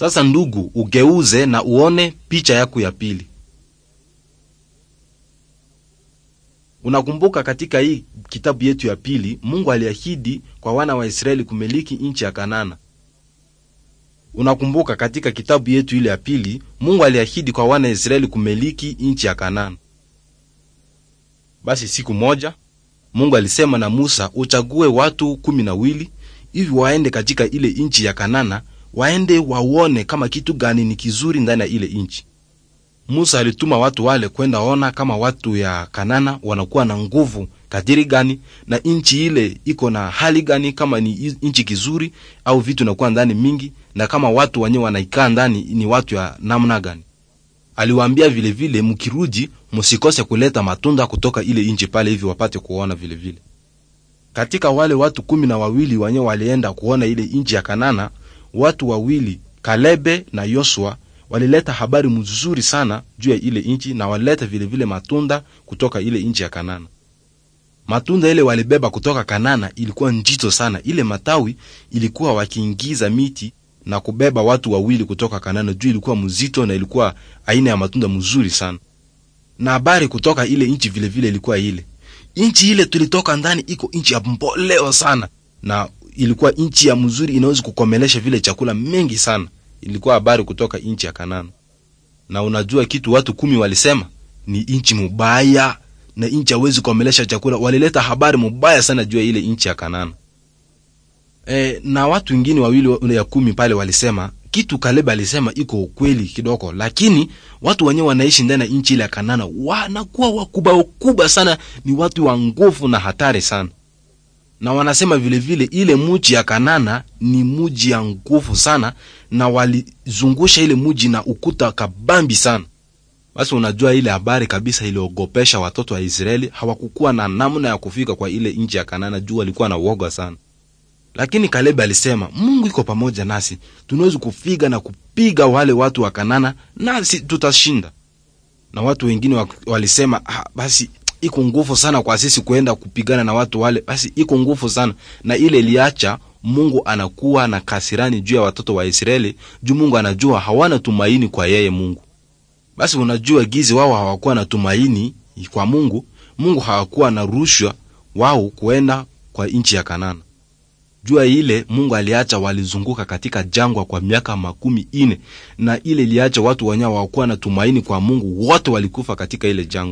Sasa ndugu, ugeuze na uone picha yako ya pili. Unakumbuka katika hii kitabu yetu ya pili, Mungu aliahidi kwa wana wa Israeli kumiliki nchi ya Kanana. Unakumbuka katika kitabu yetu ile ya pili, Mungu aliahidi kwa wana wa Israeli kumiliki nchi ya Kanana. Basi siku moja Mungu alisema na Musa, uchague watu kumi na wili hivi waende katika ile nchi ya Kanana waende waone kama kitu gani ni kizuri ndani ya ile nchi. Musa alituma watu wale kwenda ona kama watu ya Kanana wanakuwa na nguvu kadiri gani na nchi ile iko na hali gani, kama ni nchi kizuri au vitu nakuwa ndani mingi, na kama watu wanye wanaikaa ndani ni watu ya namna gani. Aliwaambia vilevile, mukiruji musikose kuleta matunda kutoka ile nchi pale, hivi wapate kuona vilevile. Katika wale watu kumi na wawili wanye walienda kuona ile nchi ya Kanana, watu wawili Kalebe na Yoshua walileta habari mzuri sana juu ya ile nchi na walileta vilevile matunda kutoka ile nchi ya Kanana. Matunda ile walibeba kutoka Kanana ilikuwa njito sana. Ile matawi ilikuwa wakiingiza miti na kubeba watu wawili kutoka Kanana juu ilikuwa mzito na ilikuwa aina ya matunda mzuri sana. Na habari kutoka ile nchi vilevile ilikuwa ile nchi ile tulitoka ndani iko nchi ya mboleo sana, na ilikuwa nchi ya mzuri inaweza kukomelesha vile chakula mengi sana. Ilikuwa habari kutoka nchi ya Kanana. Na unajua kitu watu kumi walisema ni nchi mubaya na nchi hawezi kukomelesha chakula. Walileta habari mubaya sana juu ya ile nchi ya Kanana. E, na watu wengine wawili ya kumi pale walisema kitu Kaleba alisema iko ukweli kidogo, lakini watu wenyewe wanaishi ndani ya nchi ile ya Kanana wanakuwa wakubwa wakubwa sana, ni watu wa nguvu na hatari sana na wanasema vilevile vile, ile muji ya Kanana ni muji ya nguvu sana, na walizungusha ile muji na ukuta kabambi sana. Basi unajua ile habari kabisa iliogopesha watoto wa Israeli, hawakukuwa na namna ya kufika kwa ile nchi ya Kanana juu walikuwa na uoga sana. Lakini kalebi alisema, Mungu iko pamoja nasi, tunawezi kufiga na kupiga wale watu wa Kanana nasi tutashinda. Na watu wengine walisema, ah, basi iko nguvu sana kwa sisi kuenda kupigana na watu wale, basi iko nguvu sana na ile iliacha Mungu anakuwa na kasirani juu ya watoto wa Israeli, juu Mungu anajua hawana tumaini kwa yeye Mungu. Basi unajua gizi wao hawakuwa na tumaini kwa Mungu, Mungu hawakuwa na rushwa wao kuenda kwa nchi ya Kanana. Jua ile Mungu aliacha walizunguka katika jangwa kwa miaka makumi ine, na ile iliacha watu wanyao hawakuwa na tumaini kwa Mungu, wote walikufa katika ile jangwa.